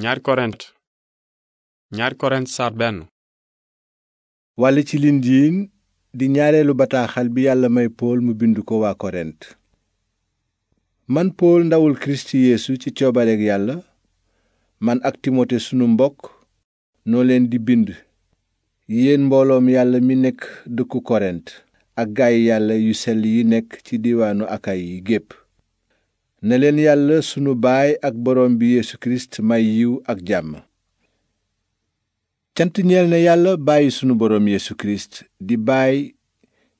ñaar korent ñaar korent saar benn wàlle ci di ñaareelu bataaxal bi yàlla may pool mu bind ko waa korent man pool ndawul kirist yeesu ci coobareek yàlla man ak timote sunu mbokk noo leen di bind yéen mbooloom yàlla mi nekk dëkku korent ak gaay yàlla yu sell yi nekk ci diiwaanu akayi gépp na leen yàlla sunu baay ak borom bi Yesu Kirist ak jàmm cant ñeel na yàlla bàyyi sunu borom Yesu Kirist di baay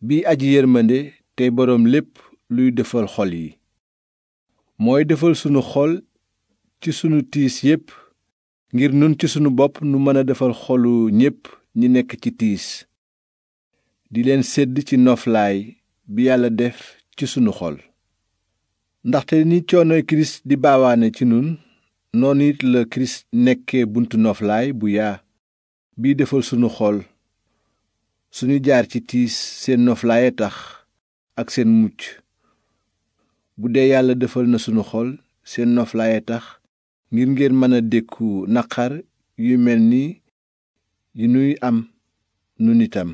bi aji yërmande tey boroom lépp luy defal xol yi mooy defal sunu xol ci sunu tiis yépp ngir nun ci sunu bopp nu mën a defal xolu ñépp ñi nekk ci tiis di leen sedd ci noflaay bi yàlla def ci sunu xol ndaxte ni coonoy kirist di baawaane ci nun noonu it la kirist nekke buntu noflaay bu yaa bii defal sunu xol sunu jaar ci tiis seen noflaay tax ak seen mucc bu dee yàlla defal na sunu xol seen noflaay tax ngir ngeen mën a dékku naqar yu mel ni yi nuy am nun itam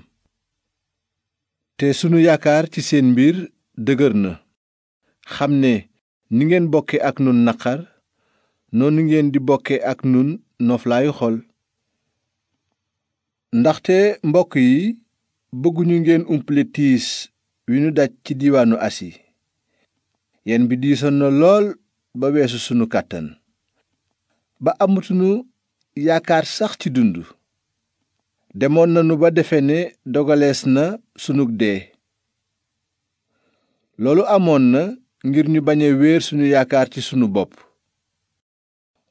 te sunu yaakaar ci seen mbir dëgër na xam ne ni ngeen bokke ak nun naqar noonu ngeen di bokke ak nun noflaayu xol ndaxte mbokk yi bëgguñu ngeen umpale tiis wi nu daj ci diiwaanu asi yen bi diisoon na lool ba weesu sunu kàttan ba amatunu yaakaar sax ci dund demoon nanu ba defe ne dogalees na sunug dee loolu amoon na ngir ñu bañ a wéer sunu yaakaar ci sunu bopp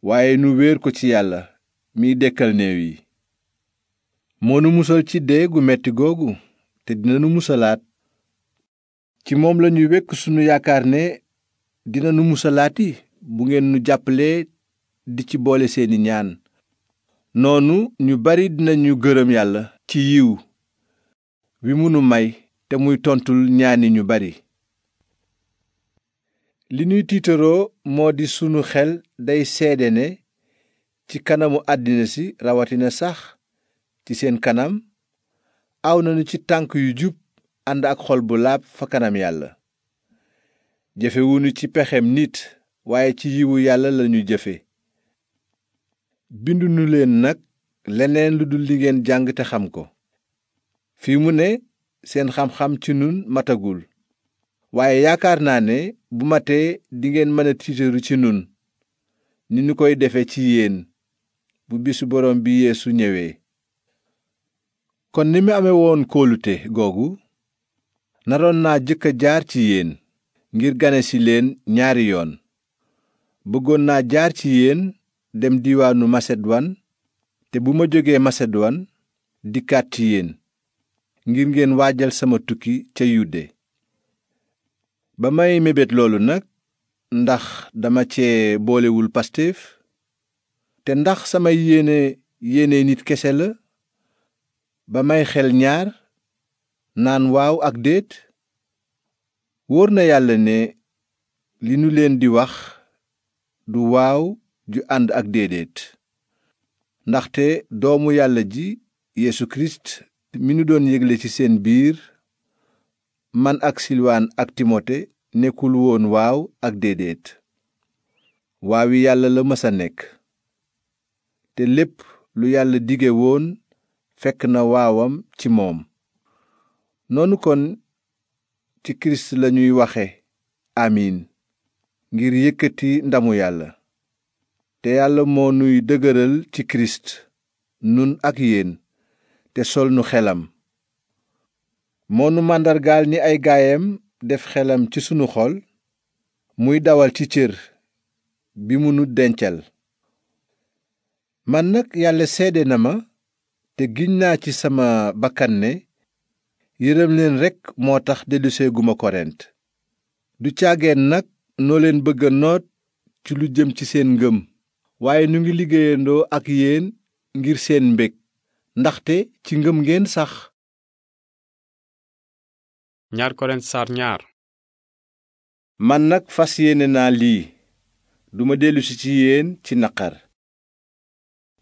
waaye nu wéer ko ci yàlla miy dekkal néew yi moo musal ci dee gu metti googu te dina musalaat ci moom lañuy wékk sunu yaakaar ne dina nu musalaati bu ngeen nu jàppalee di ci boole seeni ñaan noonu ñu bari dinañu gërëm yàlla ci yiw wi mënu may te muy tontul ñaani ñu bari li ñuy tiitaroo moo di sunu xel day seede ne ci kanamu àddina si rawatina sax ci seen kanam aw nañu ci tànk yu jub ànd ak xol bu laab fa kanam yàlla jëfewuñu ci pexem nit waaye ci yiwu yàlla lañu jëfe bindunu leen nag leneen lu dul li jàng te xam ko fii mu ne seen xam-xam ci nun matagul waaye yaakaar naa ne bu matee dingeen mën a tiitaru ci nun ni ñu koy defe ci yéen bu bisu borom bi yéesu ñëwee kon ni mu amee woon kóolute googu naroon naa jëkk a jaar ci yéen ngir ganesi leen ñaari yoon bëggoon naa jaar ci yéen dem diiwaanu masedwan te bu ma jógee masedwan dikkaat ci yéen ngir ngeen waajal sama tukki ca yudde ba may mébét loolu nag ndax dama cee boolewul pastéef te ndax sama yéene yéene nit kese la ba may xel ñaar naan waaw ak déet wóor na yàlla ne li ñu leen di wax du waaw ju ànd ak déedéet ndaxte doomu yàlla ji yéesu Kirist mi nu doon yégle ci seen biir man ak silwaan ak timote nekkul woon waaw ak déedéet waawi yàlla la mës nekk te lépp lu yàlla dige woon fekk na waawam ci moom noonu kon ci kirist lañuy waxe amiin ngir yëkkati ndamu yàlla te yàlla moo nuy dëgëral ci kirist nun ak yeen te sol nu xelam moonu màndargaal ni ay gaayam def xelam ci sunu xol muy dawal ci cër bi mu nu dencal man nag yàlla seede na ma te giñ naa ci sama bakkan ne yërëm leen rekk moo tax delluseeguma korent du caageen nag noo leen bëgg a noot ci lu jëm ci seen ngëm waaye nu ngi liggéeyandoo ak yéen ngir seen mbég ndaxte ci ngëm ngeen sax ñaar korent man nag fas yéene naa lii duma dellusi ci yéen ci naqar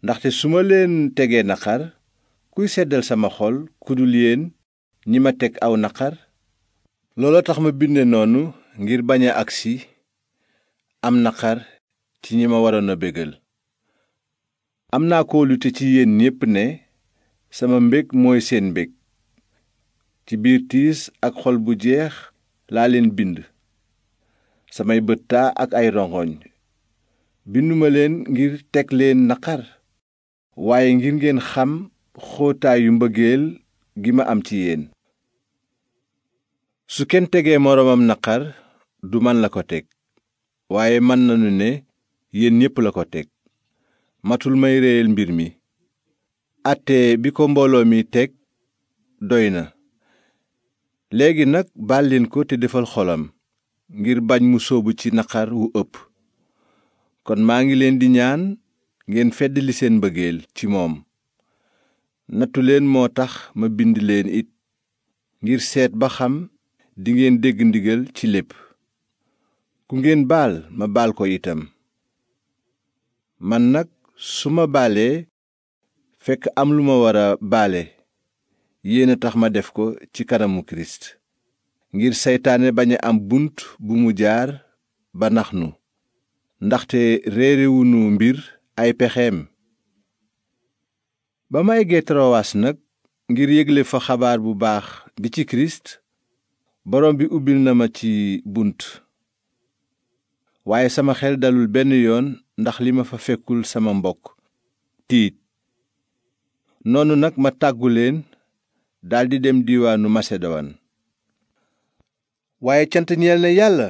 ndaxte su ma leen tegee naqar kuy seddal sama xol ku dul yéen ñi ma teg aw naqar looloo tax ma binde noonu ngir bañ a agsi am naqar ci ñi ma waroon a bégal am naa kóolute ci yéen ñépp ne sama mbég mooy seen mbég ci biir tiis ak xol bu jeex laa leen bind samay bët ak ay rongoñ binduma leen ngir teg leen naqar waaye ngir ngeen xam xóotaayu mbëggeel gi ma am ci yéen su kenn tegee moroomam naqar du man la ko teg waaye man nanu ne yéen ñépp la ko teg matul may réyal mbir mi àtte bi ko mbooloo mi teg doy na léegi nag baal leen ko te defal xolam ngir bañ mu sóobu ci naqar wu ëpp kon maa ngi leen di ñaan ngeen feddali seen mbëggeel ci moom nattu leen moo tax ma bind leen it ngir seet ba xam dingeen dégg ndigal ci lépp ku ngeen baal ma baal ko itam man nag su ma baalee fekk am lu ma war a baale yéen a tax ma def ko ci kanamu kirist ngir seytaane bañ a am bunt bu mu jaar ba nax nu ndaxte réerewunu mbir ay pexeem ba ma eggee Trowaas nag ngir yégle fa xabaar bu baax bi ci kirist borom bi ubbil na ma ci bunt waaye sama xel dalul benn yoon ndax li ma fa fekkul sama mbokk tiit noonu nag ma tàggu leen daldi dem diiwaanu masedowan waaye cant ñeel na yàlla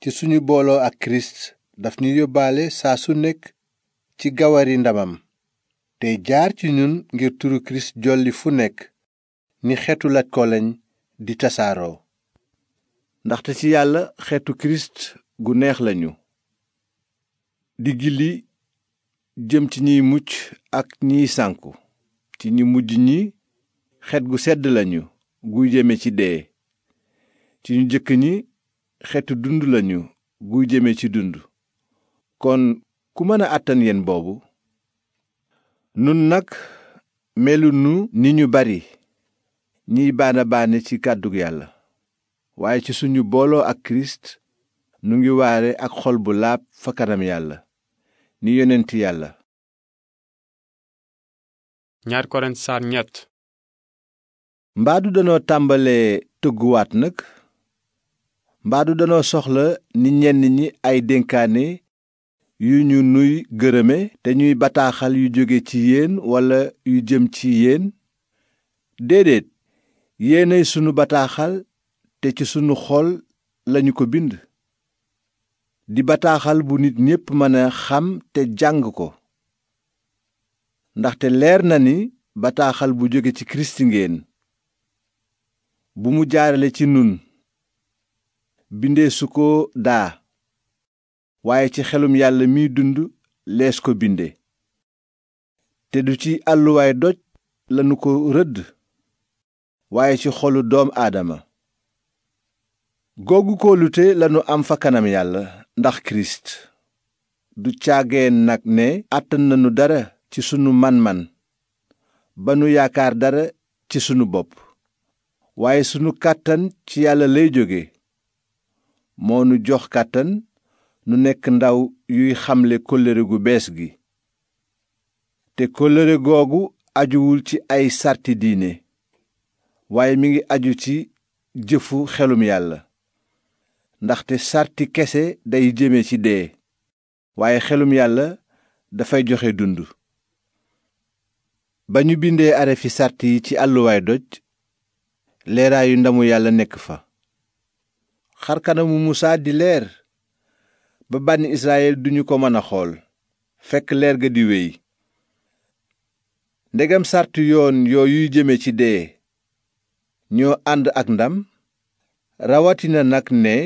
ci suñu booloo ak kirist daf ñu yóbbaale saa su nekk ci gawari ndamam te jaar ci ñun ngir turu kirist jolli fu nekk ni xeetu latkoloñ di tasaaroo ndaxte ci yàlla xeetu kirist gu neex lañu di gilli jëm ci ñiy mucc ak ñiy sànku ci ñi mujj ñi xet gu sedd lañu guy jëme ci dee ci ñu jëkk ñi xetu dund lañu guy jëme ci dund kon ku mëna a àttan yen boobu nun nag melunu ni ñu bari ñiy baana baani ci kàddu yàlla waaye ci suñu booloo ak kirist nu ngi waare ak xol bu laab fa kanam yàlla ni yonent yàlla mbaadu danoo tàmbalee tëgguwaat nag mbaadu danoo soxla ni ñenn ñi ay dénkaane yu ñu nuy gërëme te ñuy bataaxal yu jóge ci yéen walla yu jëm ci yéen déedéet yéenay sunu bataaxal te ci sunu xol lañu ko bind di bataaxal bu nit ñépp mën a xam te jàng ko ndaxte leer na ni bataaxal bu jóge ci kirist ngeen bu mu jaarale ci nun bindee su ko daa waaye ci xelum yàlla miy dund lees ko binde te du ci àlluwaay doj lanu ko rëdd waaye ci xolu doom aadama googu kóolute lanu am fa kanam yàlla ndax kirist du caageen nag ne àttan nanu dara ci sunu man-man ba nu yaakaar dara ci sunu bopp waaye sunu kàttan ci yàlla lay jóge moo nu jox kàttan nu nekk ndaw yuy xamle kóllëre gu bees gi te kóllëre googu ajuwul ci ay sarti diine waaye mi ngi aju ci jëfu xelum yàlla ndaxte sarti kese day jëme ci dee waaye xelum yàlla dafay joxe dund ba ñu bindee arafi sart yi ci àlluwaay doj leeraayu ndamu yàlla nekk fa xar kanamu musaa di leer ba bànni israyil duñu ko mën a xool fekk leer ga di wéy ndegam sàrt yoon yooyuy jëme ci dee ñoo ànd ak ndam rawatina nag ne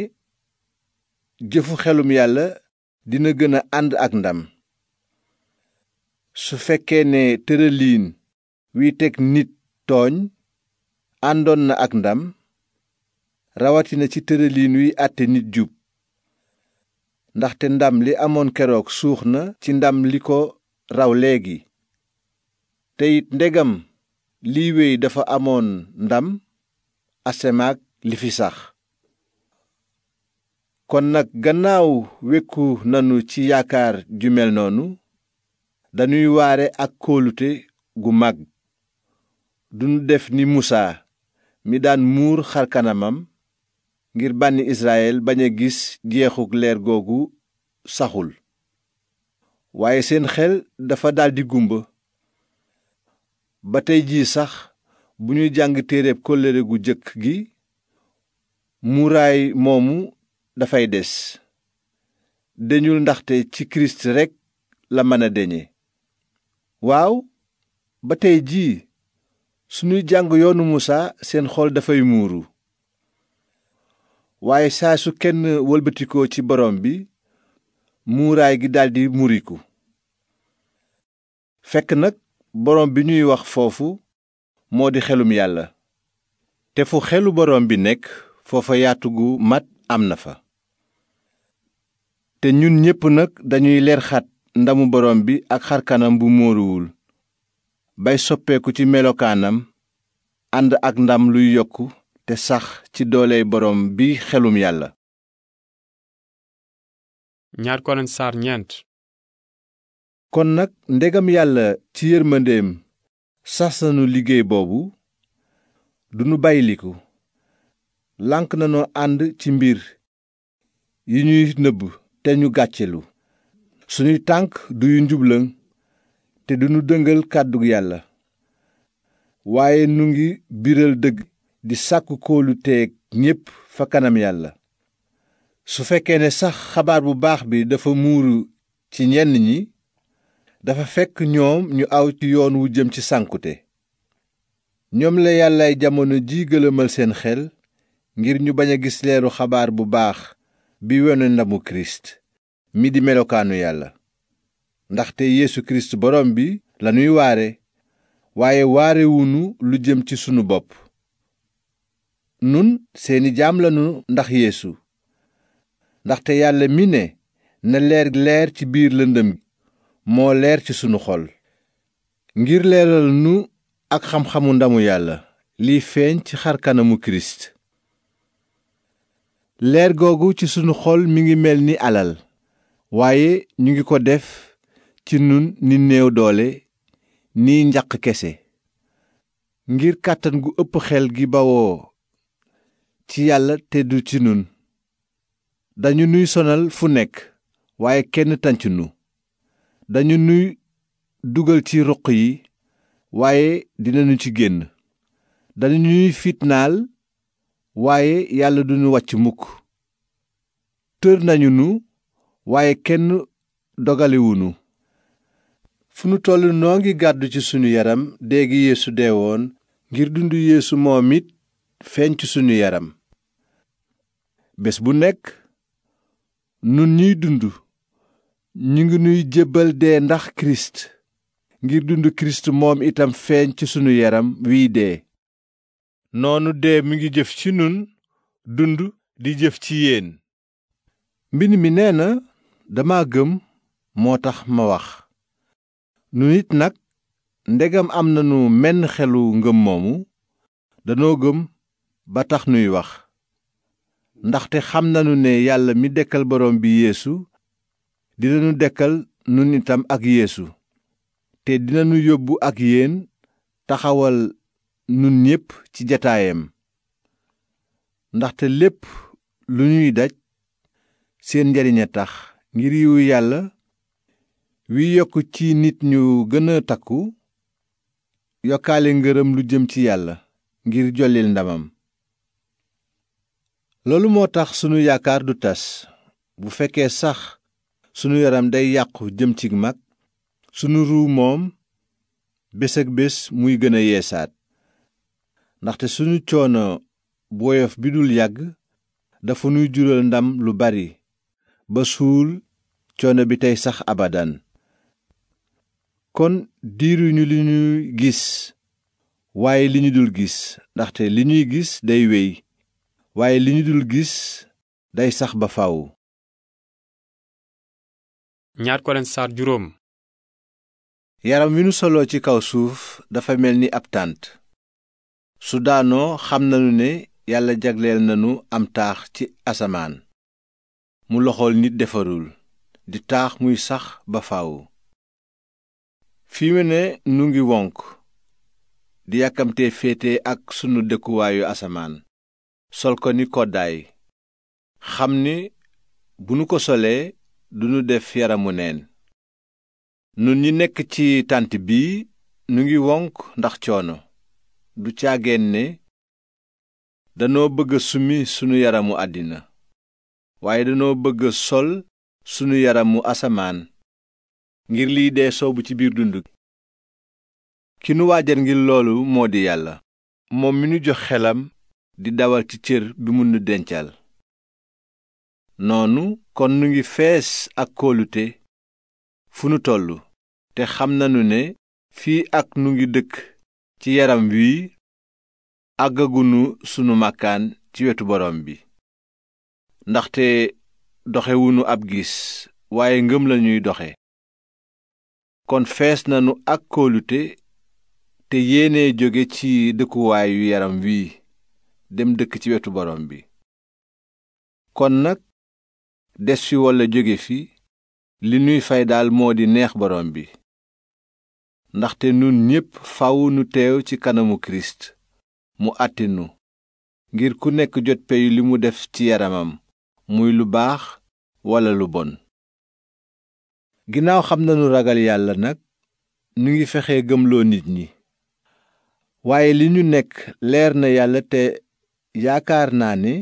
jëfu xelum yàlla dina gën a ànd ak ndam su fekkee ne tërëliin wiy teg nit tooñ àndoon na ak ndam rawatina ci tëralin wi àtte nit jub ndaxte ndam li amoon keroog suux na ci ndam li ko raw léegi te ndegam liy wéy dafa amoon ndam asemaak li fi sax kon nag gannaaw wekku nanu ci yaakaar ju mel noonu dañuy waare ak kóolute gu mag duñu def ni musaa mi daan muur xar kanamam ngir bànn Israyel bañ a gis jeexuk leer googu saxul waaye seen xel dafa daldi gumba ba tey jii sax bu ñuy jàng téere kóllëre gu jëkk gi muuraay moomu dafay des deñul ndaxte ci kirist rekk la mën a deñe waaw ba tey jii suñuy jàng yoonu musaa seen xool dafay muuru waaye saa su kenn wëlbatikoo ci borom bi muuraay gi daldi muriku fekk nag borom bi ñuy wax foofu moo di xelum yàlla te fu xelu borom bi nekk foofa yaatu gu mat am na fa te ñun ñépp nag dañuy leer xat ndamu borom bi ak xarkanam bu móoruwul bay soppeeku ci melokaanam ànd ak ndam luy yokk te sax ci doole borom bi xelum yàlla ñaar kon nag ndegam yàlla ci yërmëndeem sas nanu liggéey boobu dunu bayliku lànk nanoo ànd ci mbir yi ñuy nëbb te ñu gàccelu suñuy tànk du yu njublaŋ te duñu dëngal kàddu yàlla waaye nu ngi biral dëgg di sàkku koolu teeg ñépp fa kanam yàlla su fekkee ne sax xabaar bu baax bi dafa muuru ci ñenn ñi dafa fekk ñoom ñu aw ci yoon wu jëm ci sànkute ñoom la yàllaay jamono ji gëlëmal seen xel ngir ñu bañ a gis leeru xabaar bu baax bi wone ndamu kirist mi di melokaanu yàlla ndaxte Yeesu Kirist borom bi lanuy waare waaye waarewunu lu jëm ci sunu bopp nun seeni jaam lanu ndax yéesu ndaxte yàlla mi ne na leer leer ci biir lëndëm moo leer ci sunu xol ngir leeral ak xam-xamu ndamu yàlla liy feeñ ci xar kanamu kirist leer googu ci sunu xol mi ngi mel ni alal waaye ñu ngi ko def ci nun ni néew doole ni njaq kese ngir kàttan gu ëpp xel gi bawoo ci yàlla te du ci nun dañu nuy sonal fu nekk waaye kenn tànc nu dañu nuy dugal ci ruq yi waaye dinañu ci génn dañu ñuy fitnaal waaye yàlla duñu wàcc mukk tër nañu nu waaye kenn dogaliwunu fu nu toll noo ngi gàddu ci sunu yaram dee gi deewoon ngir dundu yeesu moom it feeñ ci sunu yaram bés bu nekk nun ñuy dund ñu ngi nuy jébbal dee ndax kirist ngir dund kirist moom itam feeñ ci sunu yaram wii dee noonu dee mi ngi jëf ci nun dund di jëf ci yéen mbind mi nee na dama gëm moo tax ma wax nu nit nag ndegam am nanu menn xelu ngëm moomu danoo gëm ba tax nuy wax ndaxte xam nanu ne yàlla mi dekkal borom bi yeesu dinanu dekkal nun itam ak yéesu te dinanu yóbbu ak yéen taxawal nun ñépp ci jataayam ndaxte lépp lu ñuy daj seen njariñ a tax ngir yiwu yàlla wi yokk ci nit ñu gën a takku yokkaale ngërëm lu jëm ci yàlla ngir jollil ndamam loolu moo tax sunu yaakaar du tas bu fekkee sax sunu yaram day yàqu jëm ci mag sunu ruu moom bés ak bés muy gën a yeesaat ndaxte sunu coono boyof bi dul yàgg dafa nuy jural ndam lu bari ba suul coono bi tey sax abadan kon diiruñu li gis waaye li dul gis ndaxte li ñuy gis day wéy waaye li dul gis day sax ba faaw. ñaar ko juróom. yaram wi nu soloo ci kaw suuf dafa mel ni ab tànt su daanoo xam nanu ne yàlla jagleel nanu am taax ci asamaan mu loxool nit defarul di taax muy sax ba faw fi mu nu ngi wonk di yàkkamtee féete ak sunu dëkkuwaayu asamaan sol ko ni koddaay xam ni bu nu ko solee duñu def yaramu neen nu ni nekk ci tànt bii nu ngi wonk ndax coono du caageen ne danoo bëgg summi sunu yaramu àddina waaye danoo bëgg sol sunu yaramu asamaan ngir lii dee soobu ci biir dund ki nu waajal ngir loolu moo di yàlla moom mi nu jox xelam di dawal ci cër bi mu nu dencal noonu kon nu ngi fees ak kóolute fu nu tollu te xam nanu ne fii ak nu ngi dëkk ci yaram wi àggagunu sunu màkkaan ci wetu borom bi ndaxte doxewunu ab gis waaye ngëm lañuy doxe kon fees nanu ak kóolute te yéene jóge ci dëkkuwaayu yaram wii dem dëkk ci wetu borom bi kon nag des fi walla jóge fi li nuy fay daal moo di neex borom bi ndaxte nun ñépp faw nu teew ci kanamu kirist mu àtte nu ngir ku nekk jot peyu li mu def ci yaramam muy lu baax walla lu bon ginnaaw xam nañu ragal yàlla nag ñu ngi fexe gëmloo nit ñi waaye li ñu nekk leer na yàlla te yaakaar naa ne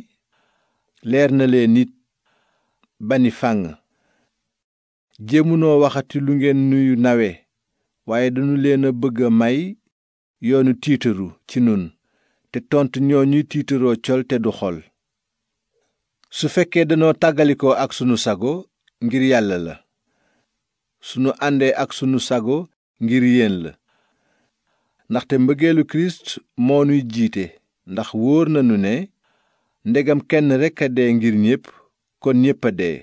leer na leen nit bani fàng jéemunoo waxati lu ngeen nuyu nawe waaye dañu leen a bëgg a may yoonu tiitaru ci nun te tontu ñoo ñuy tiitaroo col te du xol su fekkee dañoo tàggalikoo ak sunu sago ngir yàlla la sunu àndee ak sunu sago ngir yéen la ndaxte mbëggeelu kirist moo nuy jiite ndax wóor nanu ne ndegam kenn rekk a dee ngir ñépp kon ñépp a dee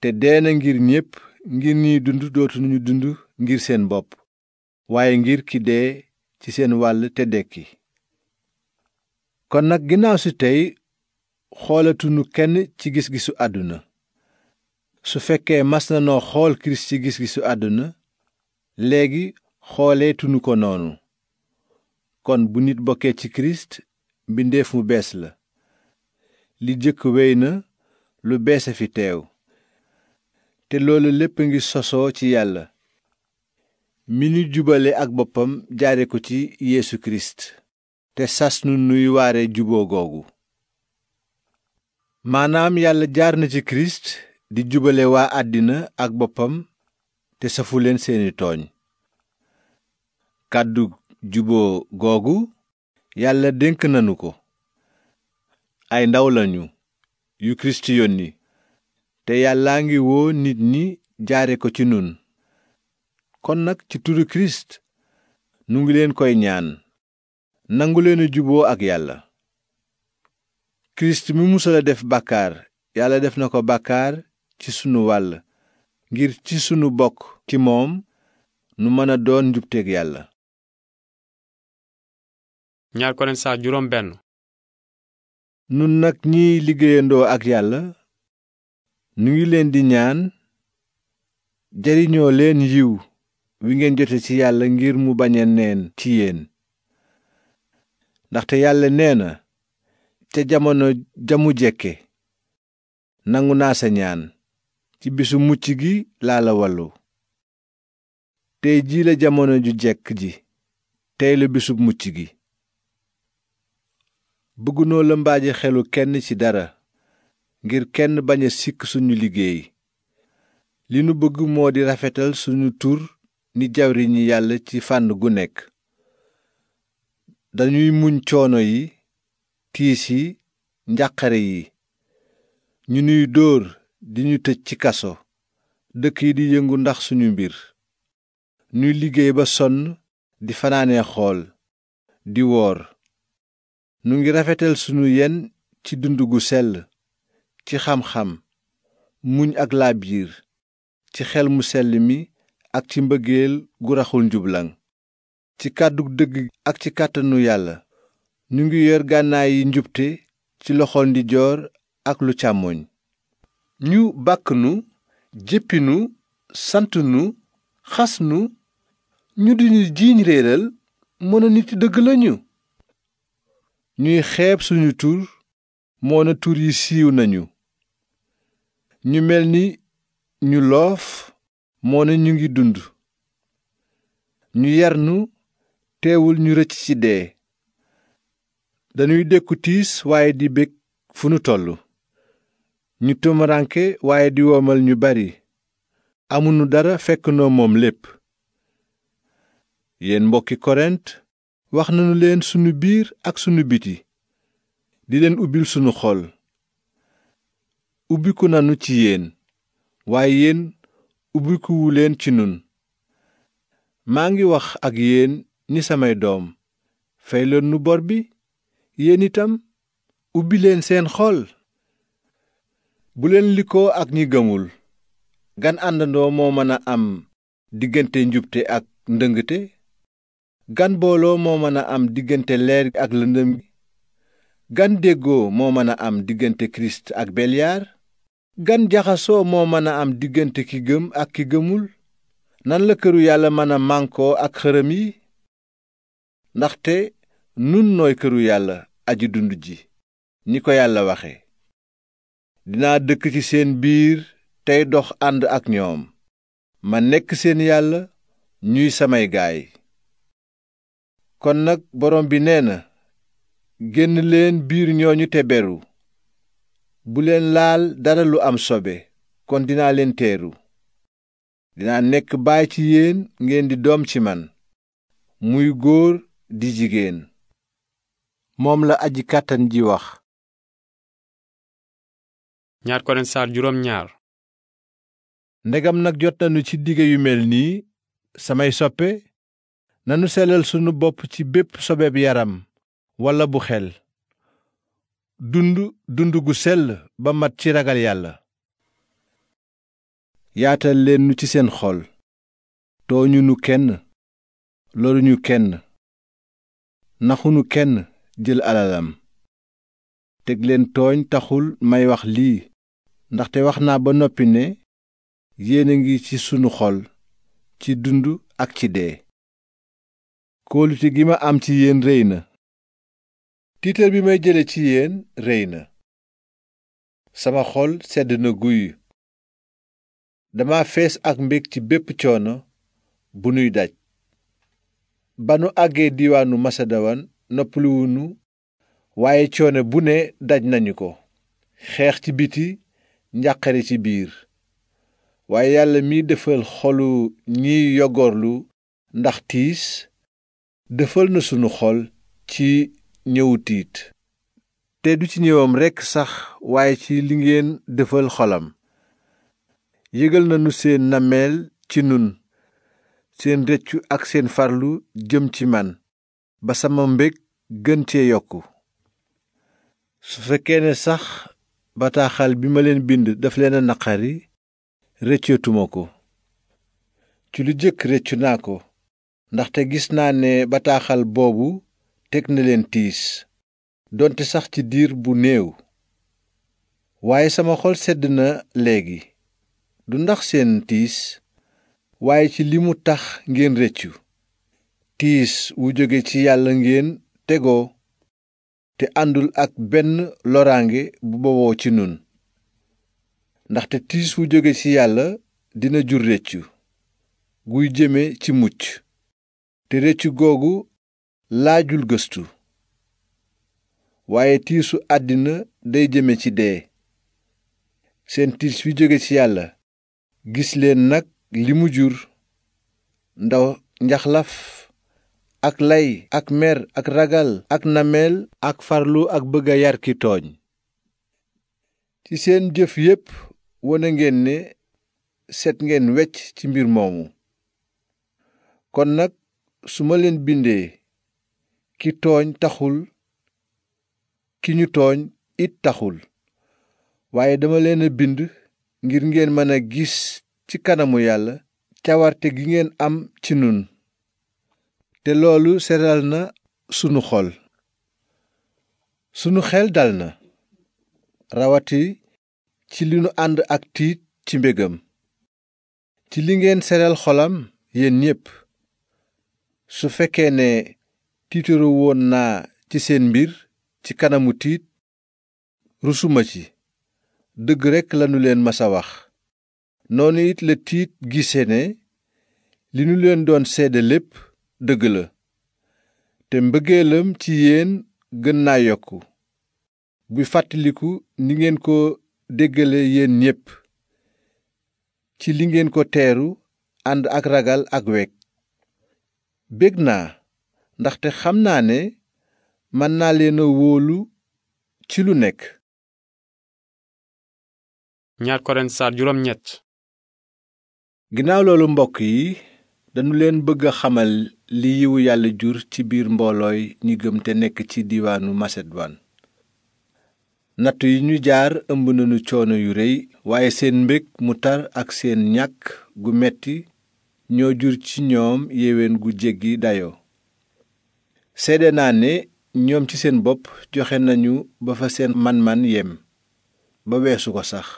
te dee na ngir ñépp ngir ñiy dund dootuñu dund ngir seen bopp waaye ngir ki dee ci seen wàll te dekki kon nag ginnaaw si tey xoolatunu kenn ci gis-gisu àdduna su fekkee mas na noo xool kirist ci gis-gisu àdduna léegi xooleetuñu ko noonu kon bu nit bokkee ci kirist mbindeef mu bees la li jëkk wey na lu beese fi teew te loolu lépp a ngi sosoo ci yàlla mi nu jubale ak boppam jaare ko ci yeesu kirist te sas nu nuy waare juboo googu yàlla jaar na ci kirist di jubale waa àddina ak boppam te safu leen seeni tooñ kàddu juboo googu yàlla dénk nanu ko ay ndaw lañu yu kirist yónni te yàllaa ngi woo nit ñi jaare ko ci nun kon nag ci turu kirist nu ngi leen koy ñaan nangu leen juboo ak yàlla kirist mi musula def bàkkaar yàlla def na ko bàkkaar ci sunu wàll ngir ci sunu bokk ci moom nu mën doon njubteeg yàlla ñaar Korent nun nag ñiy liggéeyandoo ak yàlla ñu ngi leen di ñaan jariñoo leen yiw wi ngeen jote ci yàlla ngir mu bañ neen ci yéen ndaxte yàlla nee na ca jamono jamu jekke nangu naa sa ñaan ci bisu mucc gi laa la wallu tey jii la jamono ju jekk ji tey la bisub mucc gi bëggunoo la mbaaje xelu kenn ci dara ngir kenn bañ a sikk suñu liggéey li nu bëgg moo di rafetal suñu tur ni yi yàlla ci fànn gu nekk dañuy muñ coono yi tiis yi njàqare yi ñu nuy dóor di ñu tëj ci kaso dëkk yi di yëngu ndax suñu mbir ñuy liggéey ba sonn di fanaanee xool di woor ñu ngi rafetal sunu yenn ci dund gu sell ci xam-xam muñ ak laabiir ci xel mu sell mi ak ci mbëggeel gu raxul njublaŋ ci kàddu dëgg ak ci kàttanu yàlla ñu ngi yor gànnaay yi njubte ci loxol ndijoor ak lu càmmoñ ñu bàkk nu jéppi nu sant nu xas nu ñu di ñu jiiñ réeral moona nit dëgg lañu ñuy xeeb suñu tur moona tur yi siiw nañu ñu mel ni ñu loof moona ñu ngi dund ñu yar nu teewul ñu rëcc ci dee dañuy dékku tiis waaye di bég fu nu tollu ñu tumaranke waaye di womal ñu bari amunu dara fekk noo moom lépp yéen mbokki korent wax nanu leen sunu biir ak sunu biti di leen ubbil sunu xol ubbiku nanu ci yéen waaye yéen ubbikuwu leen ci nun maa ngi wax ak yéen ni samay doom fay leen nu bor bi yéen itam ubbileen seen xol bu leen likkoo ak ñi gëmul gan àndandoo moo mën a am diggante njubte ak ndëngte gan booloo moo mën a am diggante leer ak lëndëm gan déggoo moo mën a am diggante kirist ak beliar gan jaxasoo moo mën a am diggante ki gëm ak ki gëmul nan la këru yàlla mën a mànkoo ak xërëm yi ndaxte nun nooy këru yàlla aji dund ji ni ko yàlla waxe dinaa dëkk ci seen biir tey dox ànd ak ñoom ma nekk seen yàlla ñuy samay gaay kon nag borom bi nee na génn leen biir ñooñu te beru bu leen laal dara lu am sobe kon dinaa leen teeru dinaa nekk baay ci yéen ngeen di doom ci man muy góor di jigéen moom la aji kàttan ji wax ñaar Korent saar ndegam nag jot nañu ci dige yu mel nii samay soppe nanu selal sunu bopp ci bépp sobeeb yaram walla bu xel dund dund gu sell ba mat ci ragal yàlla yaatal leen nu ci seen xol tooñu nu kenn loruñu kenn naxunu kenn jël alalam teg leen tooñ taxul may wax lii ndaxte wax naa ba noppi ne yéen ngi ci sunu xol ci dund ak ci dee kóolute gi ma am ci yéen réy na tiitër bi may jële ci yéen réy na sama xol sedd na guy dama fees ak mbég ci bépp coono bu nuy daj ba nu àggee diiwaanu masedowan noppaluwunu waaye coono bu ne daj nañu ko xeex ci biti njàqare ci biir waaye yàlla mi defal xolu ñiy yogorlu ndax tiis defal na sunu xol ci ñëwu tiit te du ci ñëwam rekk sax waaye ci li defal xolam yëgal nanu seen nammeel ci nun seen rëccu ak seen farlu jëm ci man ba sama mbég gën cee yokku bataaxal bi ma leen bind daf leen a naqari rëcceetuma ko ci lu jëkk rëccu naa ko ndaxte gis naa ne bataaxal boobu teg na leen tiis donte sax ci diir bu néew waaye sama xol sedd na léegi du ndax seen tiis waaye ci li mu tax ngeen rëccu tiis wu jóge ci yàlla ngeen tegoo te àndul ak benn loraange bu bawoo ci nun ndaxte tiis wu jóge ci yàlla dina jur réccu guy jëme ci mucc te réccu googu laajul gëstu waaye tiisu àddina day jëme ci dee seen tiis wi jóge ci yàlla gis leen nag li mu jur ndaw njaxlaf ak lay ak mer ak ragal ak nameel ak farlu ak bëgg a yar ki tooñ ci seen jëf yépp wone ngeen ne seet ngeen wecc ci mbir moomu kon nag su ma leen bindee ki tooñ taxul ki ñu tooñ it taxul waaye dama leen a bind ngir ngeen mën a gis ci kanamu yàlla cawarte gi ngeen am ci nun te loolu seral na sunu xol sunu xel dal na rawati ci li nu ànd ak tiit ci mbegam ci li ngeen seral xolam yéen ñépp su fekkee ne tiitaru woon naa ci seen mbir ci kanamu tiit rusuma ci dëgg rekk lanu leen masa wax noonu it la tiit gise ne li nu leen doon seede lépp dëgg la te mbëggeelam ci yéen gën naa yokku buy fàttaliku ni ngeen ko déggale yéen ñépp ci li ngeen ko teeru ànd ak ragal ak weg bég naa ndaxte xam naa ne mën naa leen wóolu ci lu nekk ñaar Korent loolu mbokk yi danu leen bëgg xamal li yiwu yàlla jur ci biir mboolooy ñi gëm te nekk ci diiwaanu maseduwaan nattu yi ñu jaar ëmb nañu coono yu rëy waaye seen mbég mu tar ak seen ñàkk gu metti ñoo jur ci ñoom yéwén gu jéggi dayoo seede naa ne ñoom ci seen bopp joxe nañu ba fa seen man-man yem ba weesu ko sax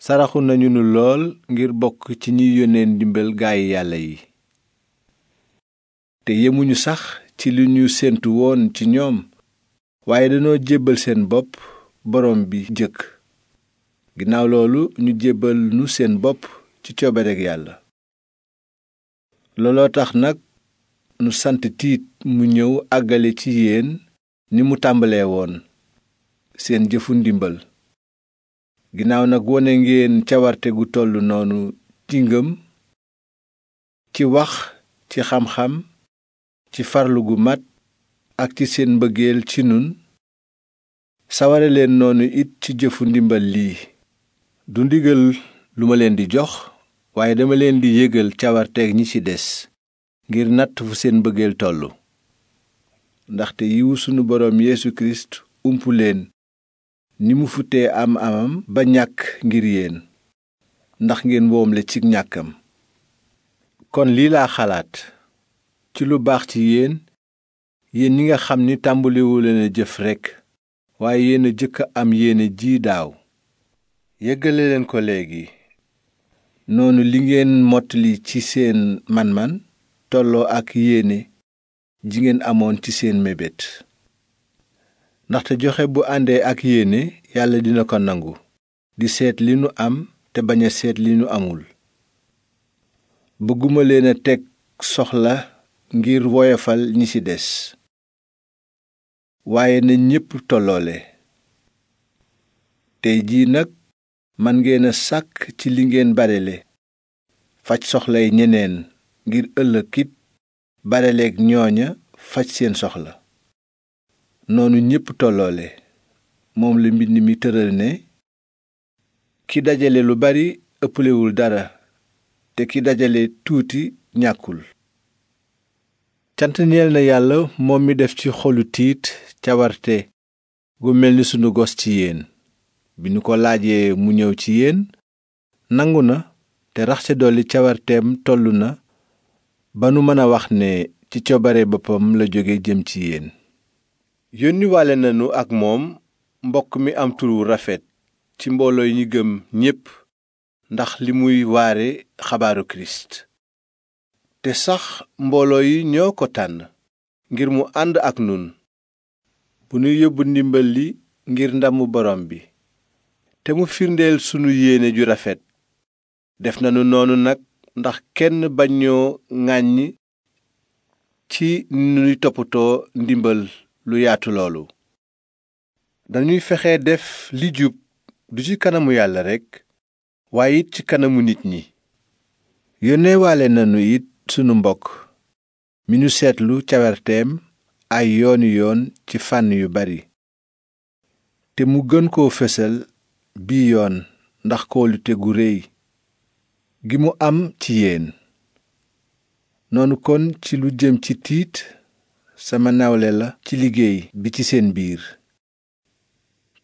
saraxu nañu nu lool ngir bokk ci ñiy yónnee ndimbal gaay yàlla yi te yemuñu sax ci li ñu séentu woon ci ñoom waaye dañoo jébbal seen bopp boroom bi jëkk ginnaaw loolu ñu jébbal nu seen bopp ci coobareg yàlla looloo tax nag nu sant tiit mu ñëw àggale ci yéen ni mu tàmbalee woon seen jëfu ndimbal ginnaaw nag wone ngeen cawarte gu tollu noonu ci ngëm ci wax ci xam-xam ci farlu gu mat ak ci seen mbëggeel ci nun saware leen noonu it ci jëfu ndimbal lii du ndigal lu ma leen di jox waaye dama leen di yëgal cawarteeg ñi ci des ngir natt fu seen mbëggeel tollu ndaxte yiwu sunu boroom yéesu Kirist umpu leen ni mu futtee am amam ba ñàkk ngir yéen ndax ngeen woomle ci ñàkkam kon lii laa xalaat ci lu baax ci yéen yéen ñi nga xam ni tàmbaliwu leen jëf rekk waaye yéen a jëkk am yéene ji daaw yëggale leen ko léegi noonu li ngeen mottali ci seen man-man tolloo ak yéene ji ngeen amoon ci seen mébét ndaxte joxe bu àndee ak yéene yàlla dina ko nangu di seet li nu am te bañ a seet li nu amul bëgguma leen a teg soxla ngir woyofal ñi ci des waaye na ñépp tolloole tey jii nag man ngeen a sàkk ci li ngeen barele faj soxlay ñeneen ngir ëllëg it bareleeg ñooña faj seen soxla noonu ñépp tolloole moom la mbind mi tëral ne ki dajale lu bari ëpplewul dara te ki dajale tuuti ñàkkul cant ñeel na yàlla moom mi def ci xolu tiit cawarte gu mel ni sunu gos ci yéen bi nu ko laajee mu ñëw ci yéen nangu na te rax ca dolli cawarteem tollu na ba nu mën a wax ne ci coobare boppam la jóge jëm ci yéen yónniwaale nanu ak moom mbokk mi am tur wu rafet ci mbooloo yi ñu gëm ñépp ndax li muy waare xabaaru kirist te sax mbooloo yi ñoo ko tànn ngir mu ànd ak nun bu ñu yóbbu ndimbal li ngir ndamu borom bi te mu firndeel sunu yéene ju rafet def nanu noonu nag ndax kenn bañoo ŋàññ ci ñuy toppatoo ndimbal lu yaatu loolu dañuy fexe def li jub du ci kanamu yàlla rekk waaye it ci kanamu nit ñi yónneewaale nanu it sunu mbokk mi ñu seetlu cawerteem ay yoon yoon ci fànn yu bari te mu gën koo fësal bii yoon ndax kóolute gu réy gi mu am ci yéen noonu kon ci lu jëm ci tiit sama nawle la ci liggéey bi ci seen biir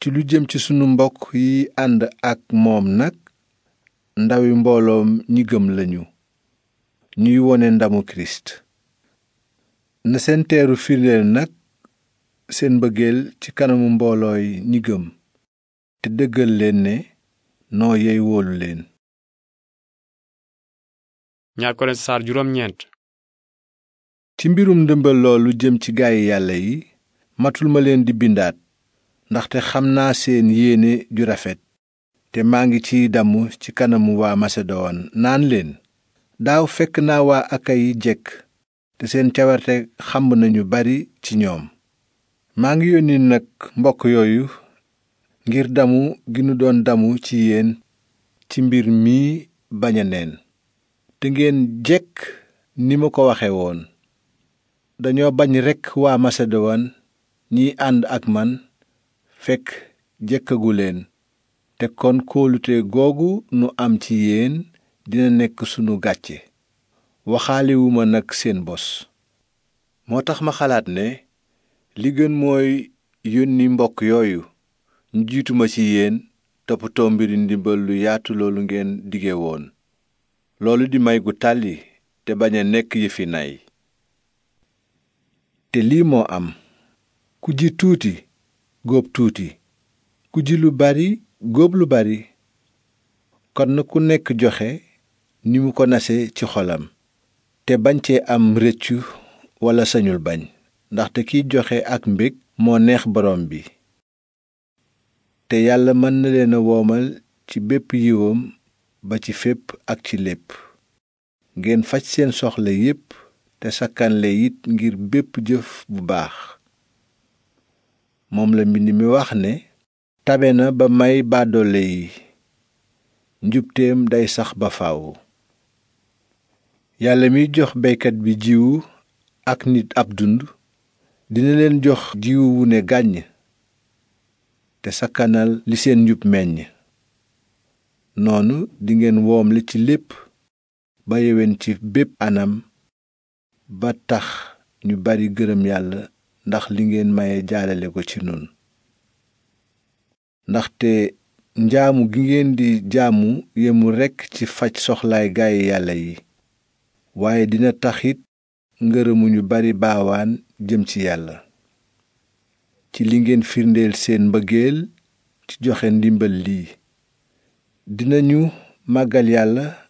ci lu jëm ci sunu mbokk yi ànd ak moom nag ndawi mbooloom ñi gëm lañu ñuy wone ndamu kirist na seen teeru firndeel nag seen mbëggeel ci kanamu mbooloo yi ñi gëm te dëggal leen ne noo yey wóolu leen ñaar Korent saar ci mbirum ndëmbal loolu jëm ci gaay yàlla yi matul ma leen di bindaat ndaxte xam naa seen yéene ju rafet te maa ngi ciy damu ci kanamu waa masedowan naan leen daaw fekk naa waa akayi jekk te seen cawarte xamb nañu bari ci ñoom maa ngi yónni nag mbokk yooyu ngir damu gi nu doon damu ci yéen ci mbir mi bañ a neen te ngeen jekk ni ma ko waxe woon dañoo bañ rekk waa maseduwaan ñiy ànd ak man fekk jekkagu leen te kon kóolute googu nu am ci yéen dina nekk sunu gàcce waxaaliwuma nag seen bos moo tax ma xalaat ne li gën mooy yónni mbokk yooyu ñu jiituma ci yéen toppatoo mbiri ndimbal lu yaatu loolu ngeen dige woon loolu di may gu tàlli te bañ nekk yi fi nay te lii moo am ku ji tuuti góob tuuti ku ji lu bari góob lu bari kon na ku nekk joxe ni mu ko nase ci xolam te bañ cee am rëccu walla sañul bañ ndaxte kiy joxe ak mbég moo neex borom bi te yàlla mën na leen a woomal ci bépp yiwam ba ci fépp ak ci lépp ngeen faj seen soxla yépp te sakkanle it ngir bépp jëf bu baax moom la mbind mi wax ne tabe na ba may baadoole yi njubteem day sax ba faw yàlla miy jox baykat bi jiwu ak nit ab dund dina leen jox jiwu wu ne gàññ te sakkanal li seen njub meññ noonu dingeen woomle ci lépp ba yewen ci bépp anam ba tax ñu bari gërëm yàlla ndax li ngeen maye jaalale ko ci nun ndaxte njaamu gi ngeen di jaamu yemul rekk ci faj soxlaay gaay yàlla yi waaye dina taxit ngërëmu ñu bari baawaan jëm ci yàlla ci li ngeen firndeel seen mbëggeel ci joxe ndimbal lii dinañu màggal yàlla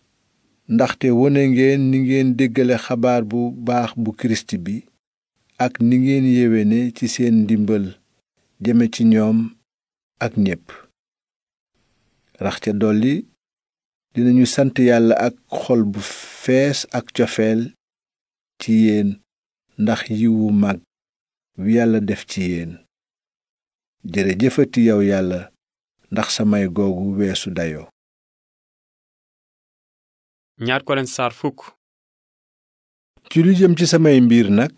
ndaxte wone ngeen ni ngeen déggale xabaar bu baax bu kirist bi ak ni ngeen yéwéne ci seen ndimbal jëme ci ñoom ak ñépp rax ca dolli dinañu sant yàlla ak xol bu fees ak cofeel ci yéen ndax yiwu mag wi yàlla def ci yéen jëfati yow yàlla ndax samay googu weesu dayoo ñaar Korent ci lu jëm ci samay mbir nag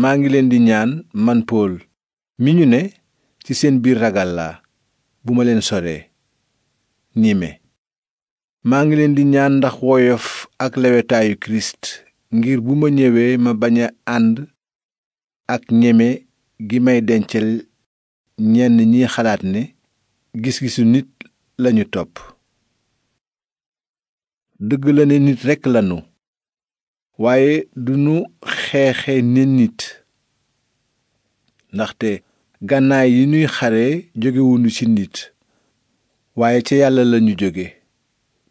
maa ngi leen di ñaan man Pool mi ñu ne ci seen biir ragal laa bu ma leen soree niime maa ngi leen di ñaan ndax woyof ak lewetaayu kirist ngir bu ma ñëwee ma bañ a ànd ak ñeme gi may dencal ñenn ñi xalaat ne gis-gisu nit lañu topp dëgg la ne nit rekk lanu waaye duñu xeexe ne nit ndaxte gànnaay yi ñuy xare jógewuñu ci nit waaye ca yàlla lañu jóge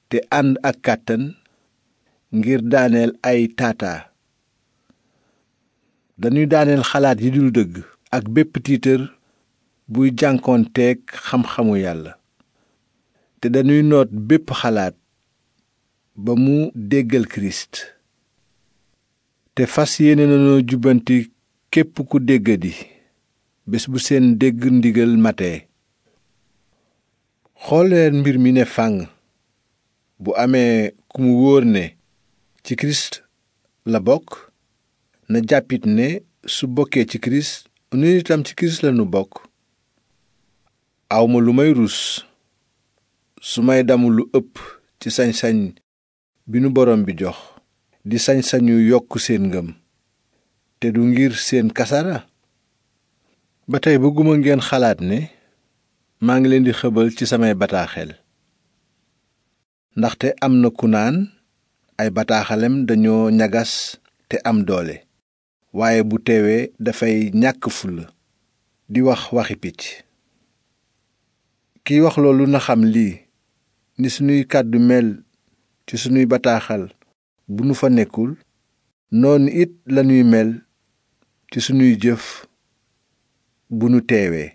te ànd ak kàttan ngir daaneel ay taataa dañuy daaneel xalaat yi dul dëgg ak bépp tiitër buy jànkoonteeg xam-xamu yàlla te dañuy noot bépp xalaat ba mu déggal te fas yéene nañoo jubbanti képp ku déggadi bés bu seen dégg ndigal matee xoolleen mbir mi ne fànn bu amee ku mu wóor ne ci kirist la bokk na jàppit ne su bokkee ci kirist nun itam ci kirist lanu bokk awma lu may rus su may damu lu ëpp ci sañ-sañ bi nu borom bi jox di sañ-sañu yokk seen ngëm te du ngir seen kasara ba tey bëgguma ngeen xalaat ne maa ngi leen di xëbal ci samay bataaxel ndaxte am na ku naan ay bataaxalem dañoo ñagas te am doole waaye bu teewee dafay ñàkk fulla di wax waxi picc kiy wax loolu na xam lii ni sunuy kàddu mel ci sunuy bataaxal bu nu fa nekkul noonu it lanuy mel ci sunuy jëf bu nu teewee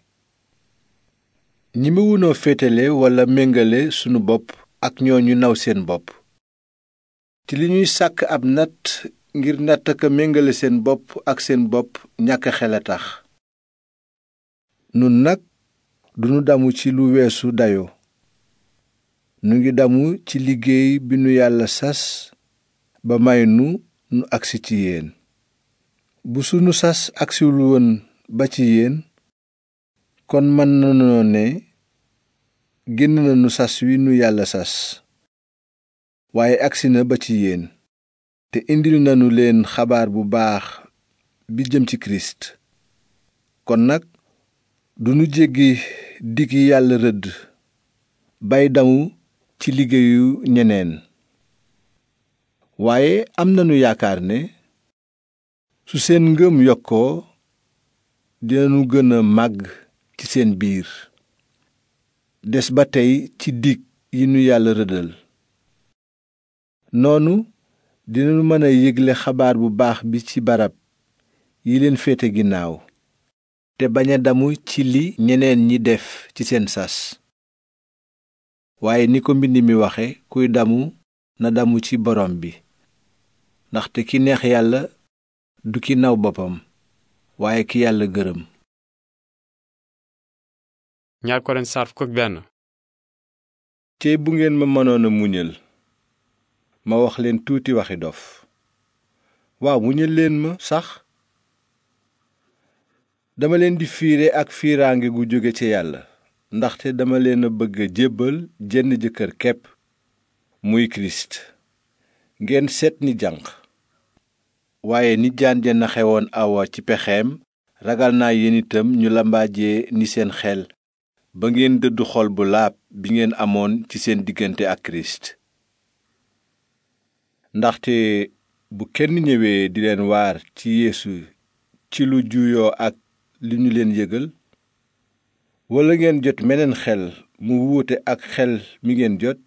ñimewunoo féetale walla méngale sunu bopp ak ñoo ñu naw seen bopp ci li ñuy sàkk ab natt ngir natt ka méngale seen bopp ak seen bopp ñàkk xel a tax nun nag duñu damu ci lu weesu dayo nu ngi damu ci liggéey bi nu yàlla sas ba may nu nu agsi ci yéen bu sunu sas agsiwul woon ba ci yéen kon mën nanoo ne génn nañu sas wi nu yàlla sas waaye agsi na ba ci yéen te indil nanu leen xabaar bu baax bi jëm ci kirist kon nag du nu jéggi dig yàlla rëdd bay damu ci liggéeyu ñeneen waaye am nanu yaakaar ne su seen ngëm yokkoo dinanu gëna màgg ci seen biir des ba tey ci dig yi nu yàlla rëddal noonu dinanu mën a yégle xabaar bu baax bi ci barab yi leen féete ginnaaw te bañ a damu ci li ñeneen ñi def ci seen sas waaye ni ko mbind mi waxe kuy damu na damu ci borom bi ndaxte ki neex yàlla du ki naw boppam waaye ki yàlla gërëm ñaar Korent saar benn cey bu ngeen ma mënoon a muñal ma wax leen tuuti waxi dof waaw muñal leen ma sax dama leen di fiire ak fiiraange gu jóge ci yàlla ndaxte dama leen a bëgg a jébbal jenn jëkkër képp muy kirist ngeen seet ni jànq waaye ni jaan ja naxewoon awa ci pexeem ragal naa yéen itam ñu lambaaje ni seen xel ba ngeen dëddu xol bu laab bi ngeen amoon ci seen diggante ak kirist ndaxte bu kenn ñëwee di leen waar ci yeesu ci lu juyoo ak li ñu leen yëgal walla ngeen jot meneen xel mu wuute ak xel mi ngeen jot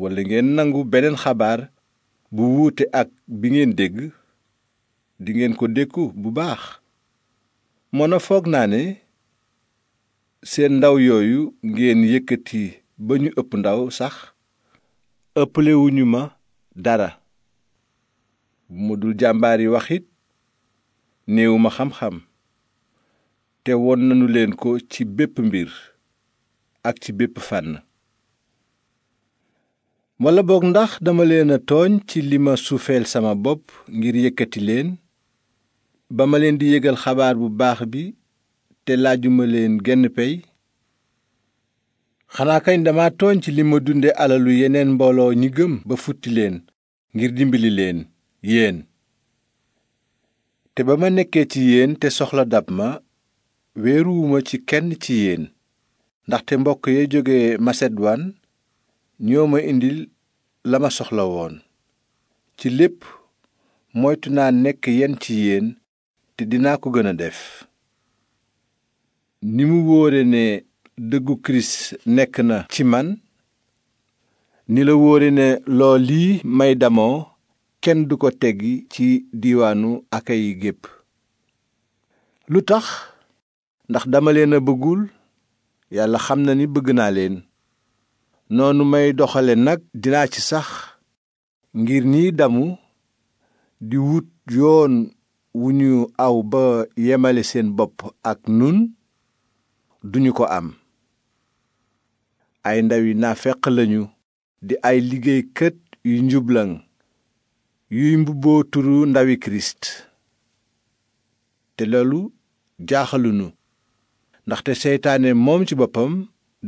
walla ngeen nangu beneen xabaar bu wuute ak bi ngeen dégg dingeen ko dékku bu baax mona foog naa ne seen ndaw yooyu ngeen yëkkati ba ñu ëpp ndaw sax ëpplewuñu ma dara bu ma dul jàmbaar yi waxit it néewuma xam-xam te won nanu leen ko ci bépp mbir ak ci bépp fànn walla boog ndax dama leen a tooñ ci li ma suufeel sama bopp ngir yëkkati leen ba ma leen di yëgal xabaar bu baax bi te laajuma leen genn pey xanaa kañ dama tooñ ci li ma dunde alalu yeneen mbooloo ñi gëm ba futti leen ngir dimbali leen yéen te ba ma nekkee ci yéen te soxla dab ma weeruwuma ci kenn ci yéen ndaxte mbokk ya jóge maseduwaan ñoo ma indil la ma soxla woon ci lépp moytu naa nekk yenn ci yéen te dinaa ko gën a def ni mu wóore ne dëggu kirist nekk na ci man ni la wóore ne loo lii may damoo kenn du ko teggi ci diiwaanu akayi gépp tax ndax dama leen a bëggul yàlla xam na ni bëgg naa leen noonu may doxale nag dinaa ci sax ngir nii damu di wut yoon wu ñu aw ba yemale seen bopp ak nun duñu ko am ay ndawi naafeq lañu di ay liggéeykat yu njublan yuy mbubboo turu ndawi kirist te loolu jaaxalunu ndaxte seytaane moom ci boppam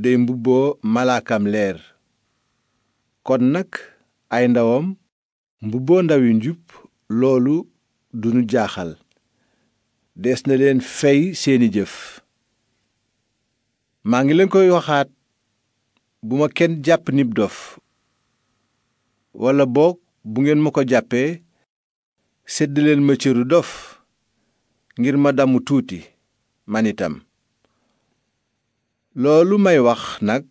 day mbubboo malaakam leer kon nag ay ndawam mbubboo ndawi njub loolu duñu jaaxal des na leen fey seeni jëf maa ngi leen koy waxaat bu ma kenn jàpp nib dof walla boog bu ngeen ma ko jàppee sedd leen ma cëru dof ngir ma damu tuuti man itam loolu may wax nag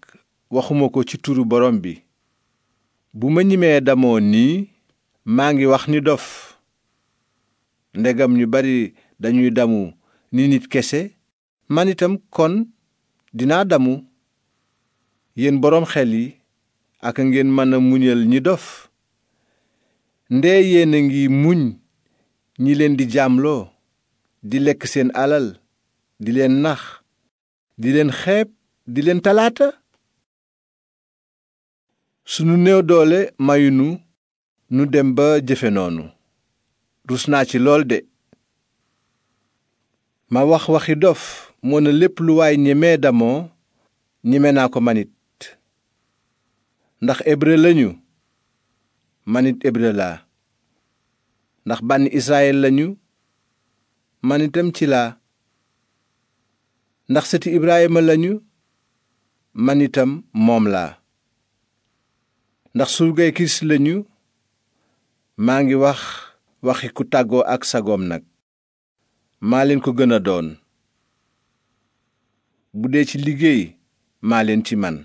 waxuma ko ci turu borom bi bu ma ñimee damoo nii maa ngi wax ni dof ndegam ñu bari dañuy damu ni nit kese man itam kon dinaa damu yéen boroom xel yi ak ngeen mën a muñal ñi dof ndee yéen a ngi muñ ñi leen di jaamloo di lekk seen alal di leen nax di leen xeeb di leen talaata sunu néew doole mayunu nu dem ba jëfe noonu rus naa ci lool de ma wax waxi dof moo na lépp lu waay ñemee damoo ñeme naa ko manit ndax hébreu lañu manit hébreu laa ndax bànni israyel lañu manitam ci laa ndax sëti Ibrahima lañu man itam moom laa ndax surgay Kirist lañu maa ngi wax waxi ku tàggoo ak sagoom nag maa leen ko gën a doon bu dee ci liggéey maa leen ci man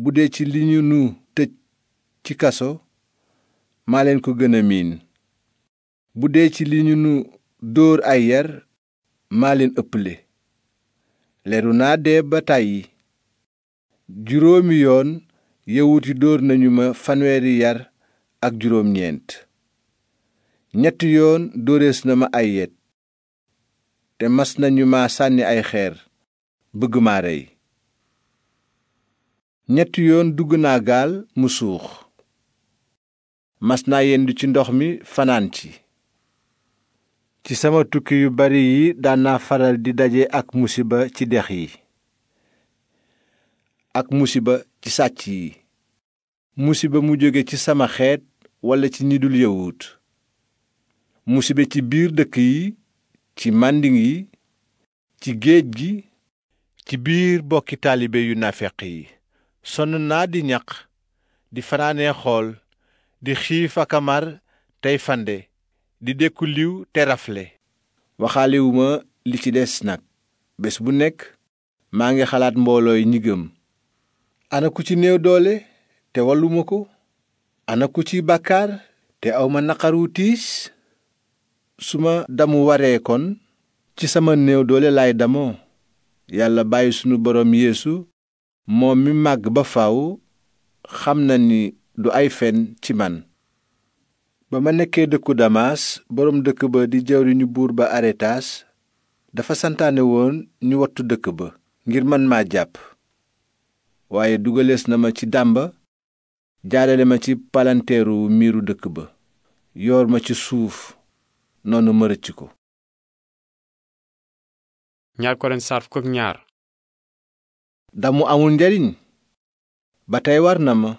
bu dee ci li ñu nu tëj ci kaso maa leen ko gën a miin bu dee ci li ñu nu dóor ay yar maa leen ëpple leru naa dee ba tàyyi juróomi yoon yawut yi dóor nañu ma fanweeri yar ak juróom ñeent ñetti yoon dóorees na ma ay yet te mas nañu ma sànni ay xeer bëgg ma rey ñetti yoon dugg naa gaal mu suux mas naa yendu ci ndox mi fanaan ci ci sama tukki yu bari yi daan naa faral di daje ak musiba ci dex yi ak musiba ci sàcc yi musiba mu jóge ci sama xeet walla ci ñi dul yawut musiba ci biir dëkk yi ci màndin yi ci géej gi ci biir bokki taalibe yu nafeq yi sonn naa di ñaq di fanaanee xool di xiif ak a mar tey fande di dekku liw te rafle waxaaliwuma li ci des nag bés bu nekk maa ngi xalaat mboolooy ñi gëm ana ku ci néew doole te walluma ko ana ku ci bàkkaar te awma naqaru tiis su ma damu waree kon ci sama néew doole laay damoo yàlla bàyyi sunu boroom yéesu moom mi màgg ba faw xam na ni du ay fen ci man ba ma nekkee dëkku damaas boroom dëkk ba di jawriñu buur ba aretaas dafa santaane woon ñu wattu dëkk ba ngir man maa jàpp waaye dugalees na ma ci dàmba jaarale ma ci palanteeru miiru dëkk ba yoor ma ci suuf noonu ma ko ñaar Korent saar damu amul njariñ ba tey war na ma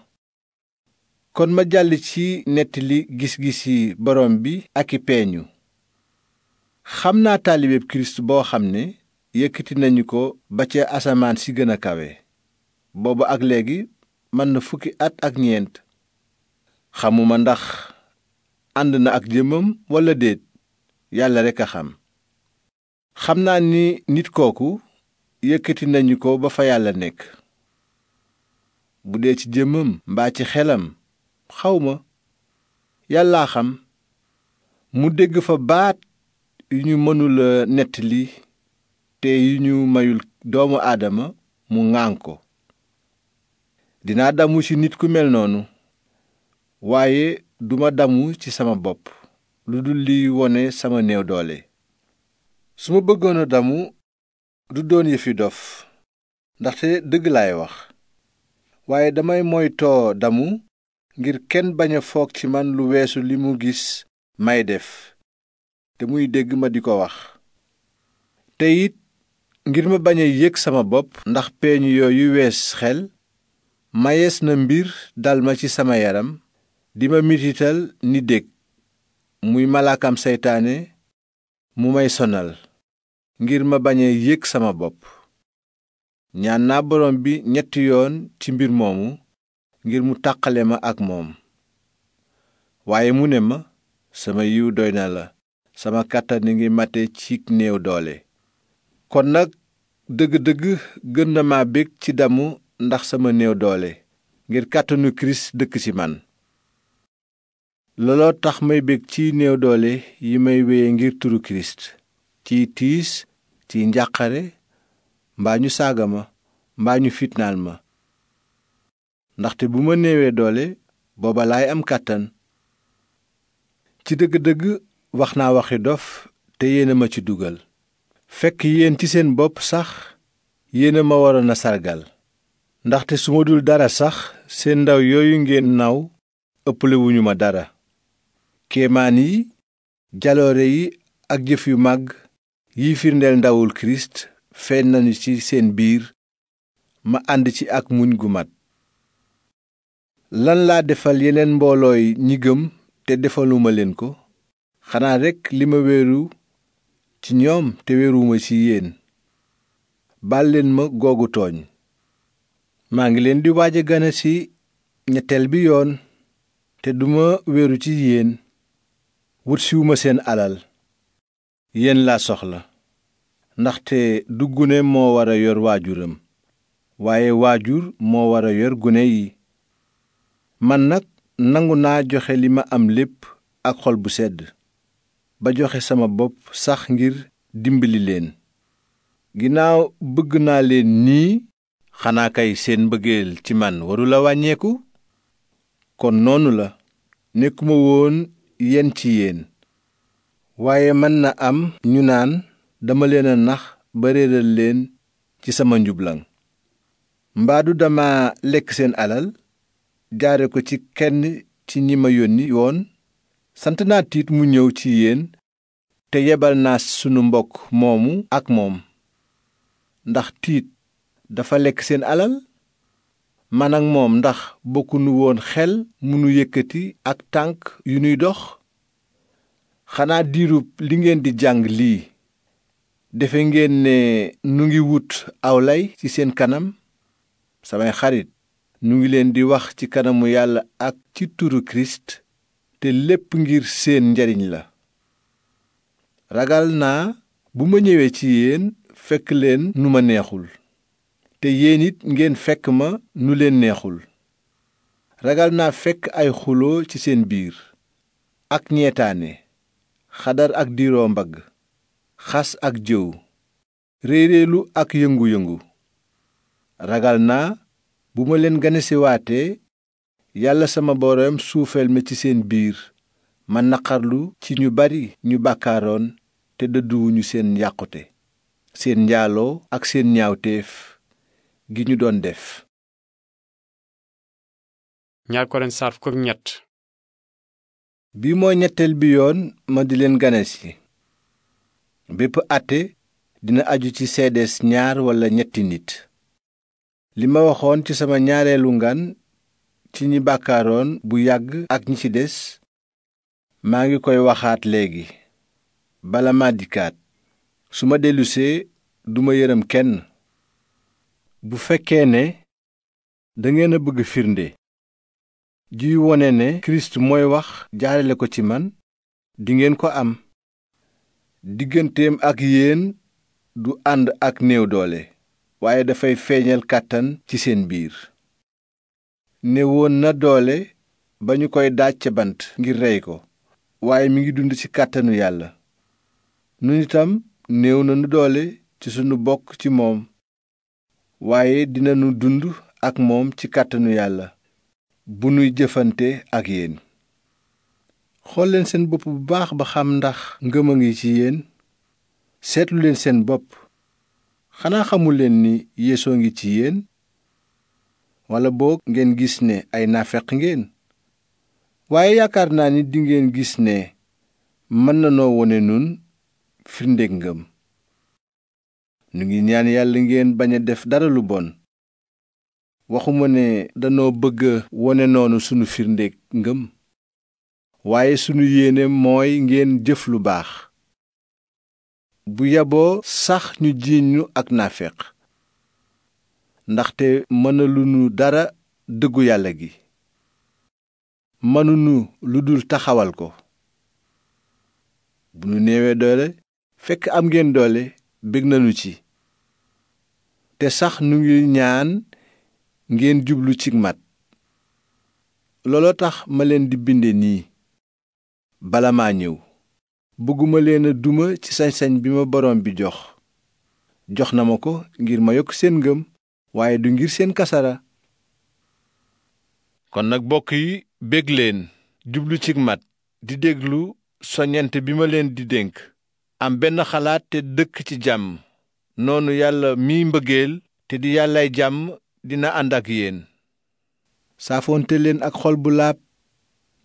kon ma jàll ci nettali gis-gisi gis borom bi ak i peeñu xam naa taalibeeb kirist boo xam ne yëkkati nañu ko ba ca asamaan si gën a kawe boobu ak léegi mën na fukki at ak ñeent xamuma ndax ànd na ak jëmmam walla déet yàlla rekk a xam xam naa ni nit kooku yëkkati nañu ko ba fa yàlla nekk bu dee ci jëmmam mbaa ci xelam xawma ma yàllaa xam mu dégg fa baat yu ñu mënula euh, nettali te yu ñu mayul doomu aadama mu ŋaan ko dinaa damu ci nit ku mel noonu waaye duma damu ci sama bopp lu dul liy wone sama néew doole su ma bëggoon a damu du doon yëfi dof ndaxte dëgg lay wax waaye damay moytoo damu ngir kenn baña foog ci man lu weesu li mu gis may def te muy dégg ma di ko wax te it ngir ma bañ a yëg sama bopp ndax peeñ yooyu wees xel mayees na mbir dal ma ci sama yaram di ma mitital ni dég muy malaakam seytaane mu may sonal ngir ma bañ yëg sama bopp ñaan naa borom bi ñetti yoon ci mbir moomu ngir mu tàqale ma ak moom waaye mu ne ma sama yiw doy na la sama kàttan ngi mate ci néew doole kon nag dëgg-dëgg gën na ma bég ci damu ndax sama néew doole ngir kàttanu kirist dëkk ci man looloo tax may bég ci néew doole yi may wéye ngir turu kirist ciy tiis ci njàqare mbaa ñu saaga ma mbaa ñu fitnaal ma ndaxte bu ma neewee doole booba laay am kàttan ci dëgg-dëgg wax naa waxi dof te yéena ma ci dugal fekk yéen ci seen bopp sax yéena ma waroon a sargal ndaxte su ma dul dara sax seen ndaw yooyu ngeen naw ëpplewuñu ma dara kéemaan yi jaloore yi ak jëf yu màgg yi firndeel ndawul kirist feeñ nañu ci seen biir ma ànd ci ak muñ gu mat lan laa defal yeneen mboolooy ñi gëm te defaluma leen ko xanaa rekk li ma wéeru ci ñoom te wéeruwuma ci yéen baal leen ma googu tooñ maa ngi leen di waaj a gane ci ñetteel bi yoon te duma wéeru ci yéen wutsiwuma seen alal yéen laa soxla ndaxte du gune moo war yor waajuram waaye waajur moo war a yor gune yi man nag nangu naa joxe li ma am lépp ak xol bu sedd ba joxe sama bopp sax ngir dimbali leen ginnaaw bëgg naa leen nii xanaa kay seen mbëggeel ci man warula wàññeeku kon noonu la nekkuma woon yen ci yéen waaye mën na am ñu naan dama leen a nax ba réeral leen ci sama njublaŋ mbaadu dama lekk seen alal jaare ko ci kenn ci ñi ma yónni woon sant naa tiit mu ñëw ci yéen te yebal naa sunu mbokk moomu ak moom ndax tiit dafa lekk seen alal man ak moom ndax bokkunu woon xel munu yëkkati ak tànk yu nuy dox xanaa diirub li ngeen di jàng lii defe ngeen ne nu ngi wut aw lay ci seen kanam samay xarit ñu ngi leen di wax ci kanamu yàlla ak ci turu kirist te lépp ngir seen njariñ la ragal naa bu ma ñëwee ci yéen fekk leen nu ma neexul te yéen it ngeen fekk ma nu leen neexul ragal naa fekk ay xuloo ci seen biir ak ñeetaane xadar ak diiroo mbagg xas ak jëw réeréelu ak yëngu-yëngu ragal naa bu ma leen ganesiwaatee yàlla sama boroom suufeel ma ci seen biir ma naqarlu ci ñu bari ñu bàkkaaroon te dëdduwuñu seen yàqute seen njaaloo ak seen ñaawteef gi ñu doon def ñaar Korent saar ñetteel bi yoon ma di leen ganesi bépp àtte dina aju ci seedees ñaar walla ñetti nit li ma waxoon ci sama ñaareelu ngan ci ñi bàkkaaroon bu yàgg ak ñi ci des maa ngi koy waxaat léegi bala ma dikkaat su ma dellusee duma yërëm kenn bu fekkee ne dangeen a bëgg firnde juy wone ne kirist mooy wax jaarale ko ci man dingeen ko am digganteem ak yeen du ànd ak néew doole waaye dafay feeñal kàttan ci seen biir néewoon na doole ba ñu koy daaj ca bant ngir rey ko waaye mi ngi dund ci kàttanu yàlla nun itam néew nanu doole ci sunu bokk ci moom waaye dinanu dund ak moom ci kàttanu yàlla bu nuy jëfante ak yéen xoolleen seen bopp bu baax ba xam ndax ngëm ngi ci yéen seetlu seen bopp xanaa xamuleen ni yeesoo ngi ci yéen walla boog ngeen gis ne ay naafeq ngeen waaye yaakaar naa ni dingeen gis ne mën na noo wone nun firndeg ngëm nu ngi ñaan yàlla ngeen bañ def dara lu bon waxuma ne danoo bëgg wone noonu sunu firndeg ngëm waaye sunu yéene mooy ngeen jëf lu baax bu yaboo sax ñu jiiñ ñu ak naaféq ndaxte mënaluñu dara dëggu yàlla gi mënuñu lu dul taxawal ko bu nu néewee doole fekk am ngeen doole bég nañu ci te sax nu ngi ñaan ngeen jublu ci mat looloo tax ma leen di binde nii bala maa ñëw bëgguma leen a duma ci sañ-sañ bi ma borom bi jox jox na ma ko ngir ma yokk seen ngëm waaye du ngir seen kasara kon nag bokk yi bég leen jublu ci mat di déglu soññent bi ma leen di dénk am benn xalaat te dëkk ci jàmm noonu yàlla mii mbëggeel te di yàllaay jàmm dina ànd ak yéen saafoonte leen ak xol bu laab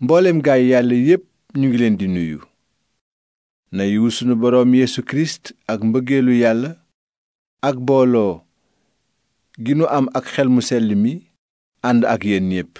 mboolem gaay yàlla yépp ñu ngi leen di nuyu na yiwu sunu boroom Yesu Kirist ak mbëggeelu yàlla ak booloo gi nu am ak xel mu sell mi ànd ak yéen ñépp